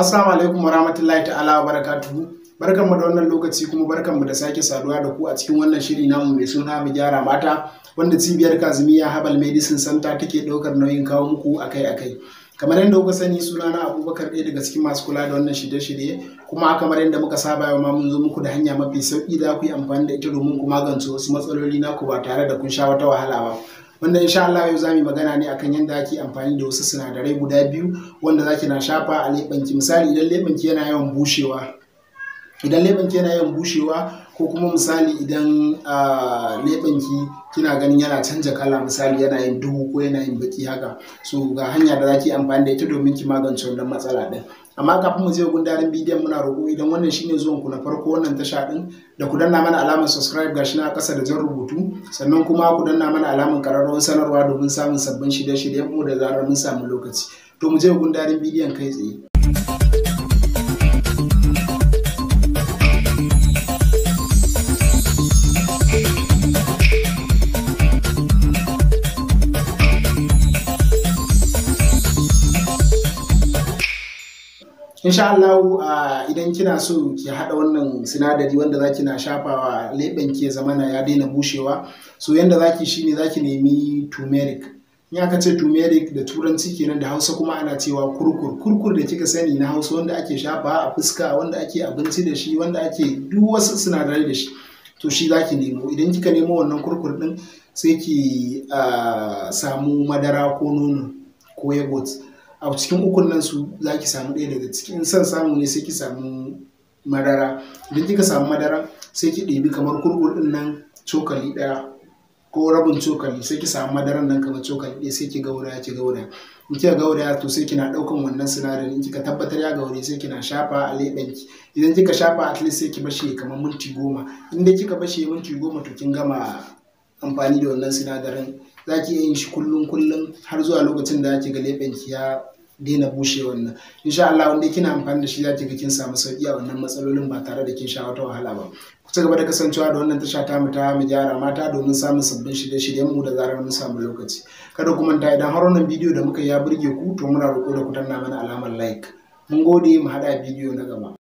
Assalamu alaikum warahmatullahi ta'ala wa barakatuhu. Barkanmu da wannan lokaci kuma barkanmu da sake saduwa da ku a cikin wannan shiri namu mai suna mu gyara mata wanda cibiyar Kazimiya Habal Medicine Center take ɗaukar nauyin kawo muku akai-akai. Kamar yadda kuka sani suna na Abubakar ɗaya daga cikin masu kula da wannan shirye-shirye kuma kamar yadda muka saba yau ma mun zo muku da hanya mafi sauki da ku yi amfani da ita domin ku magance wasu matsaloli na ku ba tare da kun sha wata wahala ba. wanda insha Allah yau zamu magana ne akan yadda ake amfani da wasu sinadarai guda biyu wanda zaki na shafa a leɓanki misali idan leɓanki yana yawan bushewa idan leɓanki yana yawan bushewa ko kuma misali idan leɓanki kina ganin yana canja kala misali yana yin duhu ko yana yin baki haka so ga hanya da zaki amfani da ita domin ki magance wannan matsala din amma kafin mu je gundarin bidiyon muna roƙo idan wannan shine zuwan ku na farko wannan tasha din da ku danna mana alamar subscribe gashi na ƙasa da jan rubutu sannan kuma ku danna mana alamar ƙararrawar sanarwa domin samun sabbin shirye-shiryen mu da zarar mun samu lokaci to mu je gundarin bidiyon kai tsaye insha Allah uh, idan kina so ki hada wannan sinadari wanda za kina shafawa leɓen ke ya zamana ya daina bushewa so yanda za ki shine za ki nemi turmeric in aka ce turmeric da turanci kenan da hausa kuma ana cewa kurkur kurkur da kika sani na hausa wanda ake shafawa a fuska wanda ake abinci da shi wanda ake duk wasu sinadarai da shi to shi za ki nemo idan kika nemo wannan kurkur din sai ki uh, samu madara ko nono ko yogurt a cikin ukun nan su za ki samu ɗaya daga cikin son samu ne sai ki samu madara idan kika samu madara sai ki ɗebi kamar kurkur ɗin nan cokali ɗaya ko rabin cokali sai ki samu madaran nan kamar cokali ɗaya sai ki gauraya ki gauraya in kika gauraya to sai kina ɗaukan wannan sinadarin kika tabbatar ya gauri sai kina shafa a ki idan kika shafa at least sai ki bashe kamar minti goma inda kika bashe minti goma to kin gama amfani da wannan sinadarin za ki iya yin shi kullum kullum har zuwa lokacin da ki ga leɓen ki ya daina bushe wannan insha Allah wanda kina amfani da shi za ki ga kin samu sauki a wannan matsalolin ba tare da kin sha wata wahala ba ku ci gaba da kasancewa da wannan tasha ta mu ta mu gyara mata domin samun sabbin shirye-shiryen mu da zarar mun samu lokaci kada ku manta idan har wannan bidiyo da muka ya burge ku to muna roƙo da ku danna mana alamar like mun gode mu haɗa bidiyo na gaba